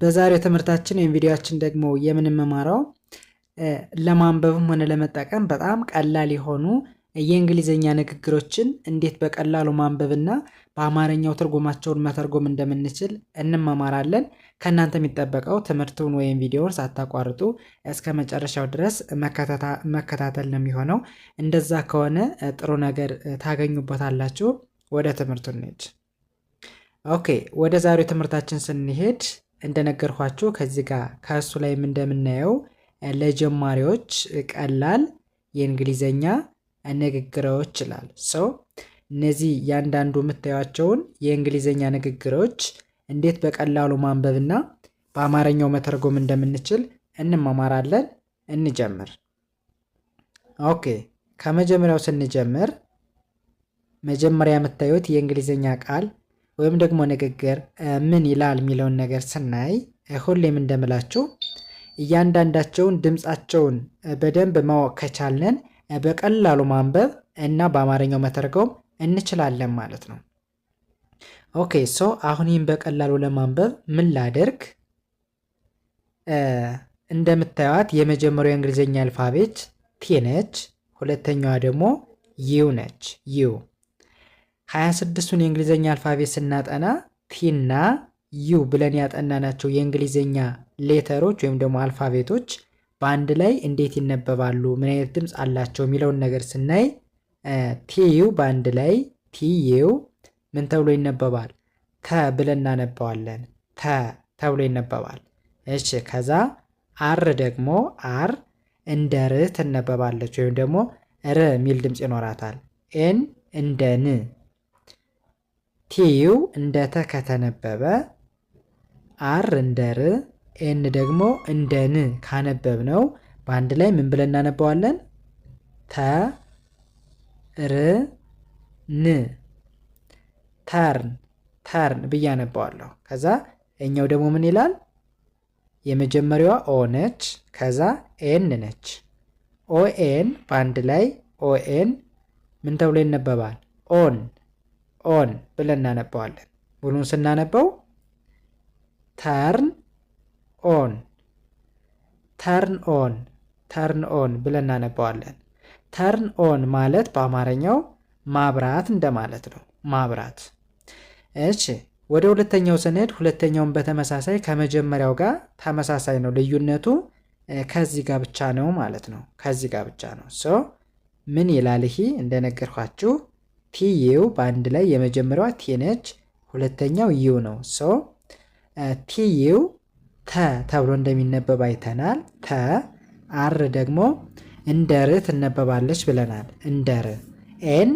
በዛሬው ትምህርታችን ወይም ቪዲዮችን ደግሞ የምንመማረው ለማንበብም ሆነ ለመጠቀም በጣም ቀላል የሆኑ የእንግሊዝኛ ንግግሮችን እንዴት በቀላሉ ማንበብና በአማርኛው ትርጉማቸውን መተርጎም እንደምንችል እንመማራለን። ከእናንተ የሚጠበቀው ትምህርቱን ወይም ቪዲዮውን ሳታቋርጡ እስከ መጨረሻው ድረስ መከታተል ነው የሚሆነው። እንደዛ ከሆነ ጥሩ ነገር ታገኙበታላችሁ። ወደ ትምህርቱ እንሂድ። ኦኬ፣ ወደ ዛሬው ትምህርታችን ስንሄድ እንደነገርኳችሁ ከዚህ ጋር ከእሱ ላይም እንደምናየው ለጀማሪዎች ቀላል የእንግሊዘኛ ንግግሮች ይላል። ሰው እነዚህ ያንዳንዱ የምታዩቸውን የእንግሊዘኛ ንግግሮች እንዴት በቀላሉ ማንበብና በአማርኛው መተርጎም እንደምንችል እንማማራለን። እንጀምር። ኦኬ፣ ከመጀመሪያው ስንጀምር መጀመሪያ የምታዩት የእንግሊዘኛ ቃል ወይም ደግሞ ንግግር ምን ይላል የሚለውን ነገር ስናይ ሁሌም እንደምላችሁ እያንዳንዳቸውን ድምፃቸውን በደንብ ማወቅ ከቻልን በቀላሉ ማንበብ እና በአማርኛው መተርጎም እንችላለን ማለት ነው። ኦኬ ሶ አሁን ይህም በቀላሉ ለማንበብ ምን ላደርግ? እንደምታዩት የመጀመሪያው የእንግሊዝኛ አልፋቤት ቲ ነች። ሁለተኛዋ ደግሞ ዩ ነች። ዩ ሀያ ስድስቱን የእንግሊዝኛ አልፋቤት ስናጠና ቲና ዩ ብለን ያጠናናቸው የእንግሊዝኛ ሌተሮች ወይም ደግሞ አልፋቤቶች በአንድ ላይ እንዴት ይነበባሉ፣ ምን አይነት ድምፅ አላቸው የሚለውን ነገር ስናይ ቲዩ በአንድ ላይ ቲዩ ምን ተብሎ ይነበባል? ተ ብለን እናነባዋለን። ተ ተብሎ ይነበባል። እሺ ከዛ አር ደግሞ አር እንደ ር ትነበባለች ወይም ደግሞ ር የሚል ድምፅ ይኖራታል። ኤን እንደ ን ቲዩ እንደ ተ ከተነበበ አር እንደ ር ኤን ደግሞ እንደ ን ካነበብ ነው በአንድ ላይ ምን ብለን እናነባዋለን? ተ ር ን ተርን ተርን ብዬ አነባዋለሁ። ከዛ እኛው ደግሞ ምን ይላል? የመጀመሪያዋ ኦ ነች። ከዛ ኤን ነች። ኦኤን በአንድ ላይ ኦኤን ምን ተብሎ ይነበባል? ኦን ኦን ብለን እናነባዋለን። ሙሉን ስናነበው ተርን ኦን ተርን ኦን ተርን ኦን ብለን እናነባዋለን። ተርን ኦን ማለት በአማርኛው ማብራት እንደማለት ነው። ማብራት። እሺ ወደ ሁለተኛው ስንሄድ ሁለተኛውን በተመሳሳይ ከመጀመሪያው ጋር ተመሳሳይ ነው። ልዩነቱ ከዚህ ጋር ብቻ ነው ማለት ነው። ከዚህ ጋር ብቻ ነው። ሶ ምን ይላል ይሄ እንደነገርኳችሁ ቲዩ በአንድ ላይ የመጀመሪያዋ ቲ ነች፣ ሁለተኛው ዩ ነው። ሶ ቲዩ ተ ተብሎ እንደሚነበብ አይተናል። ተ አር ደግሞ እንደ ር ትነበባለች ብለናል። እንደ ር ኤን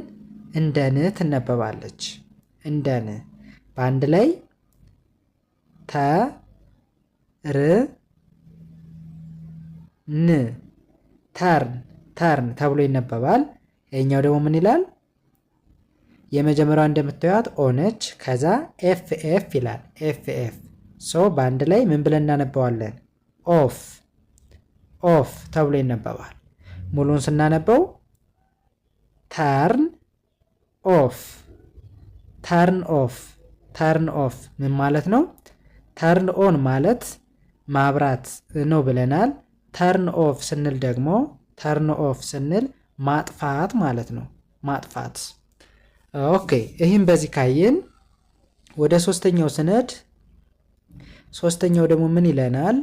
እንደ ን ትነበባለች። እንደ ን በአንድ ላይ ተ ር ን ተርን ተርን ተብሎ ይነበባል። ይህኛው ደግሞ ምን ይላል? የመጀመሪያዋ እንደምታዩት ኦ ነች። ከዛ ኤፍ ኤፍ ይላል። ኤፍ ኤፍ ሶ በአንድ ላይ ምን ብለን እናነባዋለን? ኦፍ ኦፍ ተብሎ ይነበባል። ሙሉን ስናነበው ተርን ኦፍ ተርን ኦፍ ተርን ኦፍ ምን ማለት ነው? ተርን ኦን ማለት ማብራት ነው ብለናል። ተርን ኦፍ ስንል ደግሞ ተርን ኦፍ ስንል ማጥፋት ማለት ነው። ማጥፋት ኦኬ ይህም በዚህ ካየን ወደ ሶስተኛው ስነድ ሶስተኛው ደግሞ ምን ይለናል?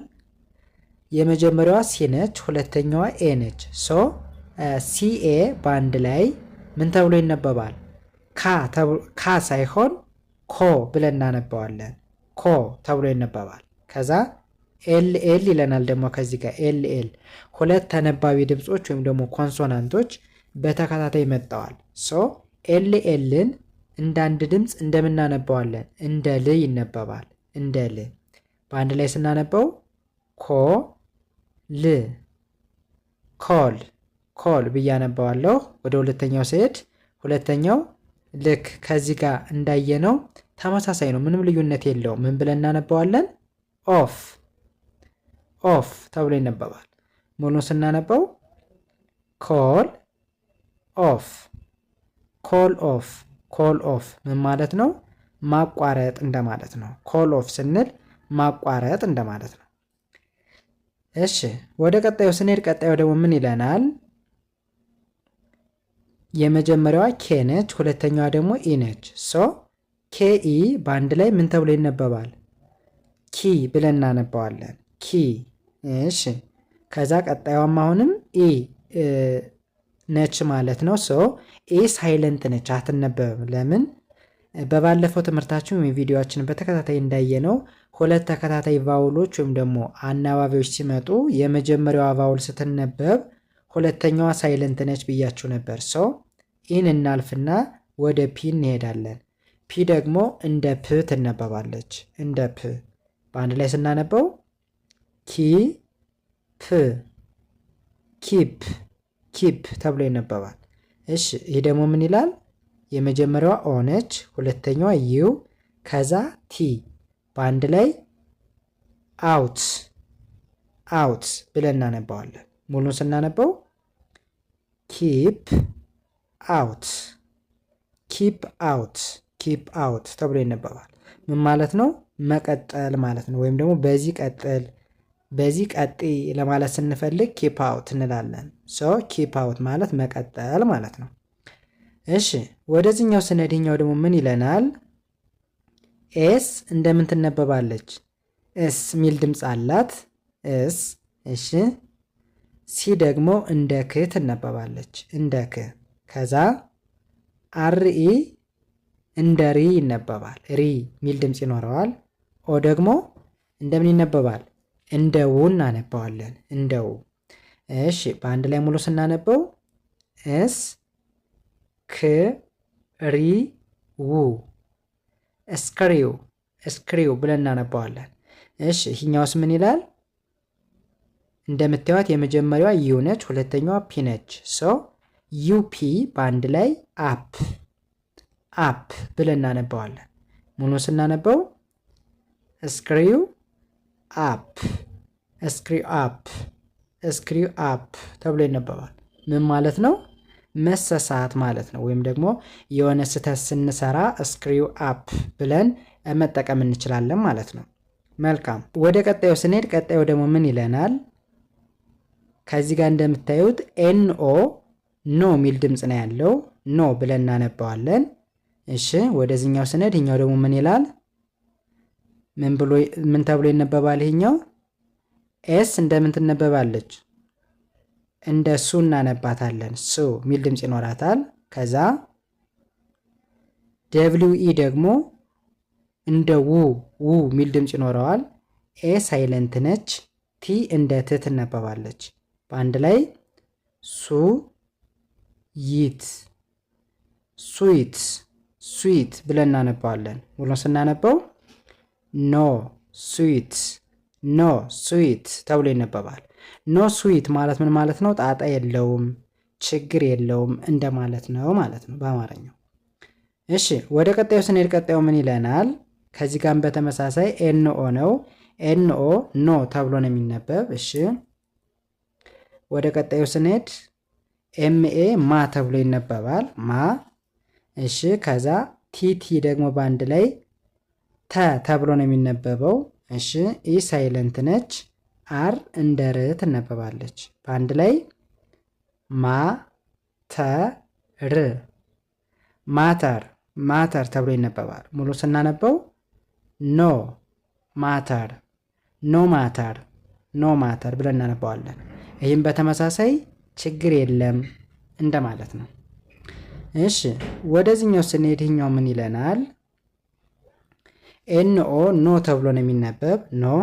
የመጀመሪያዋ ሲ ነች፣ ሁለተኛዋ ኤ ነች። ሶ ሲኤ በአንድ ላይ ምን ተብሎ ይነበባል? ካ ሳይሆን ኮ ብለን እናነባዋለን። ኮ ተብሎ ይነበባል። ከዛ ኤል ኤል ይለናል ደግሞ ከዚህ ጋር ኤል ኤል ሁለት ተነባቢ ድምፆች ወይም ደግሞ ኮንሶናንቶች በተከታታይ መጠዋል። ሶ ኤልኤልን እንደ አንድ ድምፅ እንደምናነባዋለን እንደ ል ይነበባል። እንደ ል በአንድ ላይ ስናነበው ኮ ል ኮል ኮል ብዬ አነባዋለሁ። ወደ ሁለተኛው ስሄድ ሁለተኛው ልክ ከዚህ ጋር እንዳየነው ተመሳሳይ ነው። ምንም ልዩነት የለውም። ምን ብለን እናነባዋለን? ኦፍ ኦፍ ተብሎ ይነበባል። ሙሉ ስናነበው ኮል ኦፍ ኮል ኦፍ ኮል ኦፍ ምን ማለት ነው? ማቋረጥ እንደማለት ነው። ኮል ኦፍ ስንል ማቋረጥ እንደማለት ነው። እሺ ወደ ቀጣዩ ስንሄድ ቀጣዩ ደግሞ ምን ይለናል? የመጀመሪያዋ ኬ ነች፣ ሁለተኛዋ ደግሞ ኢ ነች። ሶ ኬ ኢ በአንድ ላይ ምን ተብሎ ይነበባል? ኪ ብለን እናነባዋለን። ኪ እሺ። ከዛ ቀጣዩም አሁንም ኢ ነች ማለት ነው። ሶ ኤ ሳይለንት ነች አትነበብም። ለምን? በባለፈው ትምህርታችን ወይም ቪዲዮችን በተከታታይ እንዳየነው ሁለት ተከታታይ ቫውሎች ወይም ደግሞ አናባቢዎች ሲመጡ የመጀመሪያዋ ቫውል ስትነበብ ሁለተኛዋ ሳይለንት ነች ብያችሁ ነበር። ሶ ኢን እናልፍና ወደ ፒ እንሄዳለን። ፒ ደግሞ እንደ ፕ ትነበባለች። እንደ ፕ በአንድ ላይ ስናነበው ኪ ፕ ኪፕ ኪፕ ተብሎ ይነበባል። እሺ ይህ ደግሞ ምን ይላል? የመጀመሪያዋ ኦ ነች፣ ሁለተኛዋ ዩ ከዛ ቲ በአንድ ላይ አውት አውት ብለን እናነባዋለን። ሙሉን ስናነበው ኪፕ አውት ኪፕ አውት ኪፕ አውት ተብሎ ይነበባል። ምን ማለት ነው? መቀጠል ማለት ነው። ወይም ደግሞ በዚህ ቀጥል በዚህ ቀጤ ለማለት ስንፈልግ ኪፕ አውት እንላለን። ሶ ኪፕ አውት ማለት መቀጠል ማለት ነው። እሺ ወደዚህኛው ስነድኛው ደግሞ ምን ይለናል? ኤስ እንደምን ትነበባለች? እስ የሚል ድምፅ አላት። እስ እሺ። ሲ ደግሞ እንደ ክ ትነበባለች። እንደ ክ ከዛ አርኢ e እንደ ሪ e ይነበባል። ሪ e የሚል ድምፅ ይኖረዋል። ኦ ደግሞ እንደምን ይነበባል? እንደው እናነባዋለን። እንደው እሺ፣ በአንድ ላይ ሙሉ ስናነበው እስ ክ ሪ ው እስክሪው እስክሪው ብለን እናነባዋለን። እሺ ይህኛውስ ምን ይላል? እንደምታዩት የመጀመሪያዋ ዩ ነች፣ ሁለተኛዋ ፒ ነች። ሰው ዩፒ በአንድ ላይ አፕ አፕ ብለን እናነባዋለን። ሙሉ ስናነበው እስክሪው አፕ ስክሪው አፕ ስክሪው አፕ ተብሎ ይነበባል። ምን ማለት ነው? መሰሳት ማለት ነው። ወይም ደግሞ የሆነ ስህተት ስንሰራ ስክሪው አፕ ብለን መጠቀም እንችላለን ማለት ነው። መልካም ወደ ቀጣዩ ስንሄድ ቀጣዩ ደግሞ ምን ይለናል? ከዚህ ጋር እንደምታዩት ኤንኦ ኖ የሚል ድምፅ ነው ያለው። ኖ ብለን እናነባዋለን። እሺ ወደዚህኛው ስንሄድ ይኛው ደግሞ ምን ይላል? ምን ብሎ ምን ተብሎ ይነበባል? ይሄኛው ኤስ እንደምን ትነበባለች? እንደ ሱ እናነባታለን። ሱ ሚል ድምፅ ይኖራታል። ከዛ ደብሊው ኢ ደግሞ እንደ ው ው ሚል ድምፅ ይኖረዋል። ኤ ሳይለንት ነች። ቲ እንደ ት ትነበባለች። በአንድ ላይ ሱ ይት ሱዊት ሱዊት ብለን እናነባዋለን። ሙሉን ስናነበው ኖ ስዊት ኖ ስዊት ተብሎ ይነበባል። ኖ ስዊት ማለት ምን ማለት ነው? ጣጣ የለውም ችግር የለውም እንደማለት ነው ማለት ነው በአማርኛው። እሺ ወደ ቀጣዩ ስንሄድ ቀጣዩ ምን ይለናል? ከዚህ ጋር በተመሳሳይ ኤንኦ ነው። ኤንኦ ኖ ተብሎ ነው የሚነበብ። እሺ ወደ ቀጣዩ ስንሄድ ኤምኤ ማ ተብሎ ይነበባል። ማ እሺ ከዛ ቲቲ ደግሞ በአንድ ላይ ተ ተብሎ ነው የሚነበበው። እሺ ኢ ሳይለንት ነች። አር እንደ ር ትነበባለች። በአንድ ላይ ማ ተ ር ማተር ማተር ተብሎ ይነበባል። ሙሉ ስናነበው ኖ ማተር ኖ ማተር ኖ ማተር ብለን እናነበዋለን። ይህም በተመሳሳይ ችግር የለም እንደማለት ነው። እሺ ወደዚህኛው ስንሄድ ይህኛው ምን ይለናል? ኤንኦ ኖ ተብሎ ነው የሚነበብ ኖ።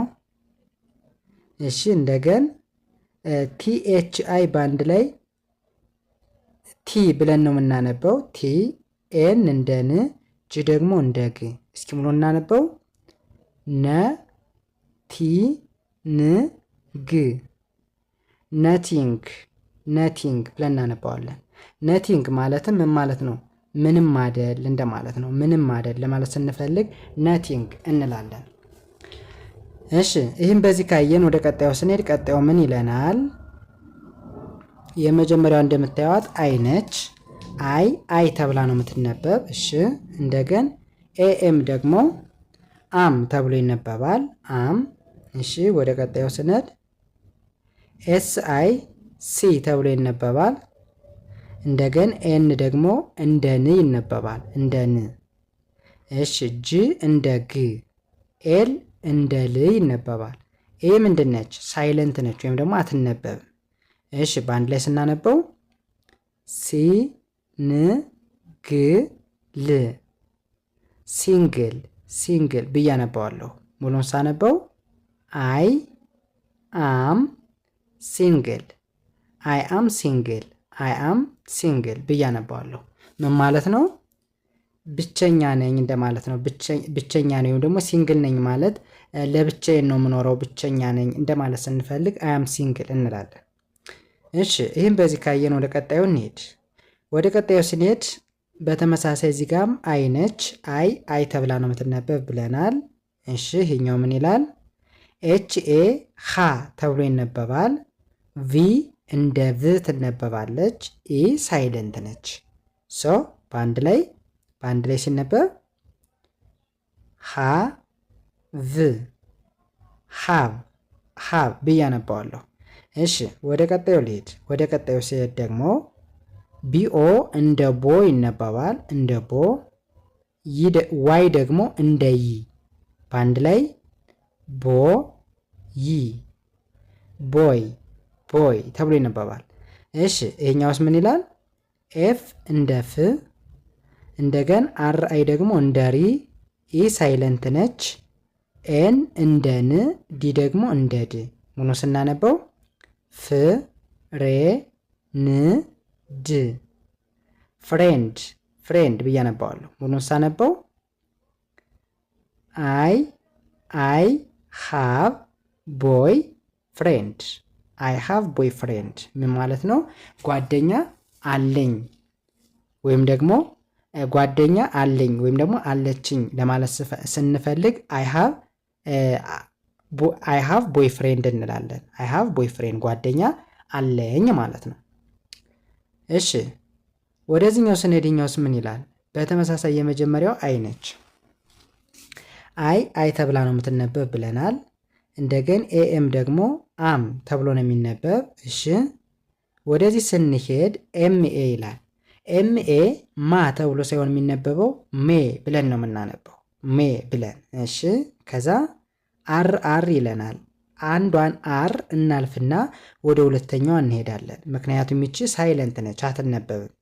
እሺ እንደገን አይ ባንድ ላይ ቲ ብለን ነው የምናነበው። ቲ ኤን እንደ ን ጅ ደግሞ እንደ ግ። እስኪ ሙሉ እናነበው ነ ቲ ን ግ ነቲንግ ነቲንግ ብለን እናነባዋለን። ነቲንግ ማለትም ምን ማለት ነው? ምንም ማደል እንደማለት ነው። ምንም ማደል ለማለት ስንፈልግ ነቲንግ እንላለን። እሺ ይህም በዚህ ካየን ወደ ቀጣዩ ስንሄድ ቀጣዩ ምን ይለናል? የመጀመሪያው እንደምታዩት አይ ነች። አይ አይ ተብላ ነው የምትነበብ። እሺ እንደገን ኤኤም ደግሞ አም ተብሎ ይነበባል። አም እሺ ወደ ቀጣዩ ስንሄድ ኤስ አይ ሲ ተብሎ ይነበባል። እንደገን ኤን ደግሞ እንደ ን ይነበባል። እንደ ን። እሽ ጅ እንደ ግ፣ ኤል እንደ ል ይነበባል። ኤ ምንድን ነች? ሳይለንት ነች ወይም ደግሞ አትነበብም። እሽ በአንድ ላይ ስናነበው ሲ ን ግ ል ሲንግል ሲንግል ብዬ አነባዋለሁ። ሙሉን ሳነበው አይ አም ሲንግል አይ አም ሲንግል አይ አም ሲንግል ብዬ አነባዋለሁ። ምን ማለት ነው? ብቸኛ ነኝ እንደማለት ነው። ብቸኛ ነኝ ወይም ደግሞ ሲንግል ነኝ ማለት ለብቻዬን ነው የምኖረው፣ ብቸኛ ነኝ እንደማለት ስንፈልግ አያም ሲንግል እንላለን። እሺ ይህም በዚህ ካየን ወደ ቀጣዩ እንሄድ። ወደ ቀጣዩ ስንሄድ በተመሳሳይ እዚህ ጋም አይ ነች። አይ አይ ተብላ ነው የምትነበብ ብለናል። እሺ ይሄኛው ምን ይላል? ኤች ኤ ሃ ተብሎ ይነበባል። ቪ እንደ ቭ ትነበባለች። ኢ ሳይለንት ነች። ሶ በአንድ ላይ በአንድ ላይ ሲነበብ ሀ ቭ ሀብ ሀብ ብዬ አነባዋለሁ። እሺ ወደ ቀጣዩ ልሄድ። ወደ ቀጣዩ ሲሄድ ደግሞ ቢኦ እንደ ቦ ይነበባል። እንደ ቦ ዋይ ደግሞ እንደ ይ በአንድ ላይ ቦ ይ ቦይ ቦይ ተብሎ ይነበባል። እሺ ይሄኛውስ ምን ይላል? ኤፍ እንደ ፍ እንደገን አር አይ ደግሞ እንደ ሪ፣ ኢ ሳይለንት ነች፣ ኤን እንደ ን፣ ዲ ደግሞ እንደ ድ። ሙሉ ስናነበው ፍ ሬ ን ድ ፍሬንድ ፍሬንድ ብዬ አነባዋለሁ። ሙሉን ሳነበው አይ አይ ሃቭ ቦይ ፍሬንድ አይ ሃቭ ቦይ ፍሬንድ ምን ማለት ነው? ጓደኛ አለኝ ወይም ደግሞ ጓደኛ አለኝ ወይም ደግሞ አለችኝ ለማለት ስንፈልግ አይ ሃቭ ቦይ ፍሬንድ እንላለን። አይ ሃቭ ቦይ ፍሬንድ ጓደኛ አለኝ ማለት ነው። እሺ ወደዚህኛው ስንሄድኛውስ ምን ይላል? በተመሳሳይ የመጀመሪያው አይ ነች። አይ አይ ተብላ ነው የምትነበብ ብለናል። እንደገን ኤኤም ደግሞ አም ተብሎ ነው የሚነበብ። እሺ ወደዚህ ስንሄድ ኤምኤ ይላል። ኤምኤ ማ ተብሎ ሳይሆን የሚነበበው ሜ ብለን ነው የምናነበው፣ ሜ ብለን እሺ። ከዛ አር አር ይለናል። አንዷን አር እናልፍና ወደ ሁለተኛዋ እንሄዳለን። ምክንያቱም ይቺ ሳይለንት ነች አትነበብም።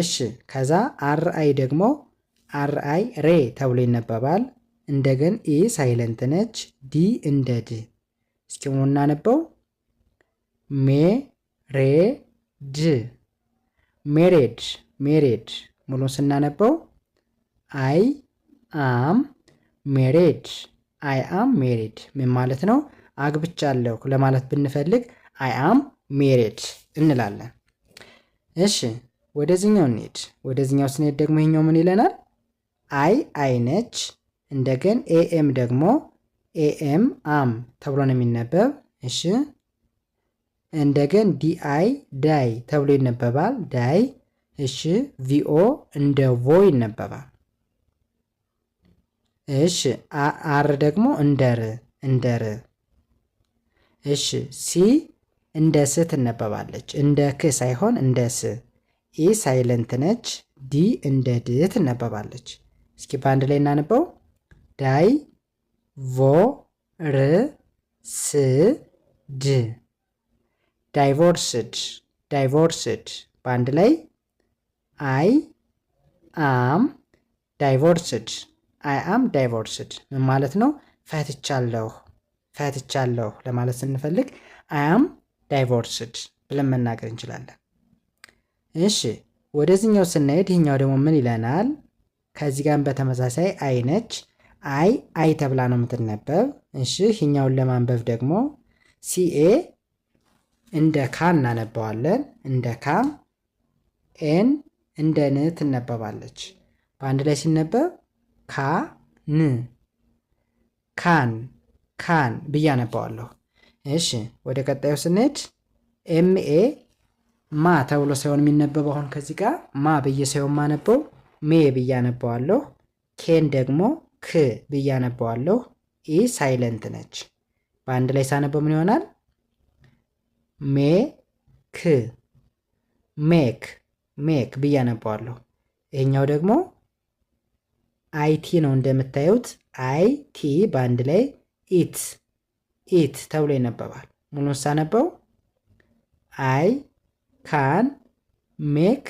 እሺ ከዛ አር አይ ደግሞ አር አይ ሬ ተብሎ ይነበባል። እንደገን ኤ ሳይለንት ነች። ዲ እንደ ድ። እስኪ ሆኖ እናነበው ሜ ሬ ድ ሜሬድ ሜሬድ። ሙሉን ስናነበው አይ አም ሜሬድ አይ አም ሜሬድ ምን ማለት ነው? አግብቻለሁ ለማለት ብንፈልግ አይ አም ሜሬድ እንላለን። እሺ ወደዚኛው እንሂድ። ወደዚኛው ስንሄድ ደግሞ ይሄኛው ምን ይለናል? አይ አይ ነች እንደገን ኤኤም ደግሞ ኤኤም አም ተብሎ ነው የሚነበብ። እሺ እንደገን ዲአይ ዳይ ተብሎ ይነበባል። ዳይ እሺ። ቪኦ እንደ ቮ ይነበባል። እሺ አር ደግሞ እንደር እንደር እሺ ሲ እንደ ስ ትነበባለች። እንደ ክ ሳይሆን እንደ ስ። ኢ ሳይለንት ነች። ዲ እንደ ድ ትነበባለች። እስኪ በአንድ ላይ እናነበው። ዳይ ቮ ር ስ ድ ዳይቮርስድ ዳይቮርስድ በአንድ ላይ አይ አም ዳይቮርስድ አይ አም ዳይቮርስድ ምን ማለት ነው? ፈትቻለሁ ፈትቻለሁ ለማለት ስንፈልግ አይ አም ዳይቮርስድ ብለን መናገር እንችላለን። እሺ ወደዚህኛው ስናሄድ ይህኛው ደግሞ ምን ይለናል? ከዚህ ጋር በተመሳሳይ አይነች አይ አይ ተብላ ነው የምትነበብ። እሺ ይህኛውን ለማንበብ ደግሞ ሲኤ እንደ ካ እናነበዋለን። እንደ ካ ኤን እንደ ን ትነበባለች። በአንድ ላይ ሲነበብ ካ ን ካን ካን ብዬ አነባዋለሁ። እሺ ወደ ቀጣዩ ስንሄድ ኤምኤ ማ ተብሎ ሳይሆን የሚነበበው አሁን ከዚህ ጋር ማ ብዬ ሳይሆን ማነበው ሜ ብዬ አነባዋለሁ። ኬን ደግሞ ክ ብያነበዋለሁ አነባዋለሁ። ኢ ሳይለንት ነች። በአንድ ላይ ሳነበው ምን ይሆናል? ሜ ክ ሜክ ሜክ ብዬ አነባዋለሁ። ይህኛው ደግሞ አይቲ ነው እንደምታዩት። አይ ቲ በአንድ ላይ ኢት ኢት ተብሎ ይነበባል። ሙሉን ሳነበው አይ ካን ሜክ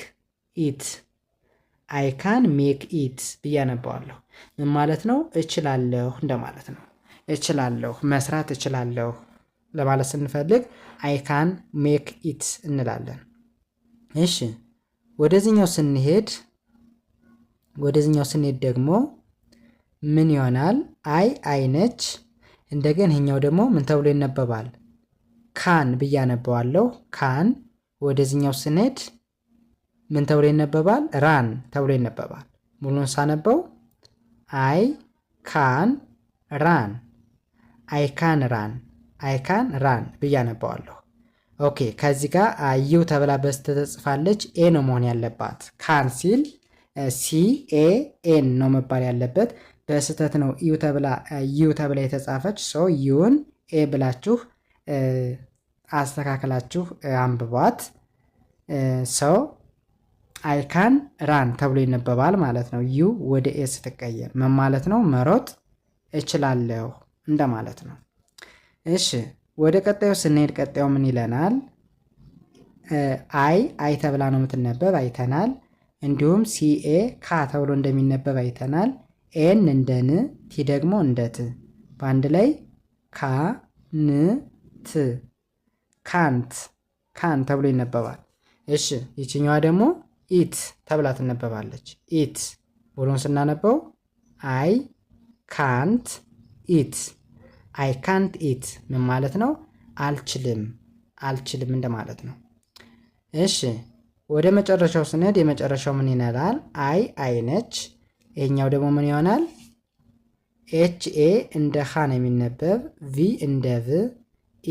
ኢት አይ ካን ሜክ ኢት ብዬ አነባዋለሁ። ምን ማለት ነው? እችላለሁ እንደማለት ነው። እችላለሁ መስራት እችላለሁ ለማለት ስንፈልግ አይ ካን ሜክ ኢት እንላለን። እሺ ወደዚኛው ስንሄድ ወደዚኛው ስንሄድ ደግሞ ምን ይሆናል? አይ አይ ነች። እንደገን ይሄኛው ደግሞ ምን ተብሎ ይነበባል? ካን ብዬ አነባዋለሁ። ካን ወደዚኛው ስንሄድ ምን ተብሎ ይነበባል? ራን ተብሎ ይነበባል። ሙሉን ሳነበው አይ ካን ራን አይ ካን ራን አይ ካን ራን ብዬ አነባዋለሁ። ኦኬ ከዚህ ጋር አዩ ተብላ በስተተጽፋለች ኤ ነው መሆን ያለባት። ካን ሲል ሲ ኤ ኤን ነው መባል ያለበት። በስህተት ነው ዩ ተብላ ዩ ተብላ የተጻፈች ሰው ዩን ኤ ብላችሁ አስተካክላችሁ አንብቧት ሰው አይካን ራን ተብሎ ይነበባል ማለት ነው። ዩ ወደ ኤ ስትቀየር ምን ማለት ነው? መሮጥ እችላለሁ እንደማለት ነው። እሺ ወደ ቀጣዩ ስንሄድ ቀጣዩ ምን ይለናል? አይ አይ ተብላ ነው የምትነበብ አይተናል። እንዲሁም ሲኤ ካ ተብሎ እንደሚነበብ አይተናል። ኤን እንደ ን ቲ ደግሞ እንደ ት በአንድ ላይ ካ ን ት ካንት ካን ተብሎ ይነበባል። እሺ ይችኛዋ ደግሞ ኢት ተብላ ትነበባለች። ኢት ብሎን ስናነበው አይ ካንት ኢት አይ ካንት ኢት ምን ማለት ነው? አልችልም አልችልም እንደማለት ነው። እሺ ወደ መጨረሻው ስንሄድ የመጨረሻው ምን ይነላል? አይ አይ ነች። ይሄኛው ደግሞ ምን ይሆናል? ኤች ኤ እንደ ሃ ነው የሚነበብ፣ ቪ እንደ ቭ፣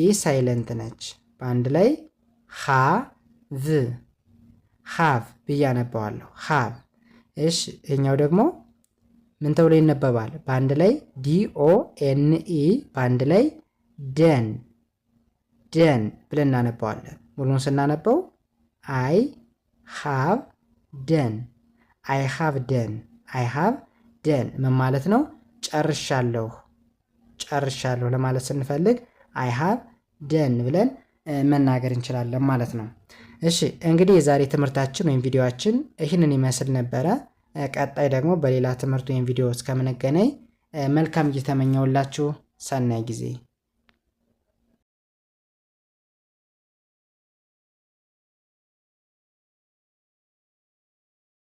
ኢ ሳይለንት ነች። በአንድ ላይ ሃ ቭ ሃቭ ብዬ አነባዋለሁ። ሃቭ እሺ። እኛው ደግሞ ምን ተብሎ ይነበባል? በአንድ ላይ ዲኦ ኤንኢ በአንድ ላይ ደን ደን ብለን እናነበዋለን። ሙሉን ስናነበው አይ ሃቭ ደን አይ ሃቭ ደን አይ ሃቭ ደን ምን ማለት ነው? ጨርሻለሁ ጨርሻለሁ ለማለት ስንፈልግ አይ ሃቭ ደን ብለን መናገር እንችላለን ማለት ነው። እሺ እንግዲህ የዛሬ ትምህርታችን ወይም ቪዲዮችን ይህንን ይመስል ነበረ። ቀጣይ ደግሞ በሌላ ትምህርት ወይም ቪዲዮ እስከምንገናኝ መልካም እየተመኘውላችሁ ሰናይ ጊዜ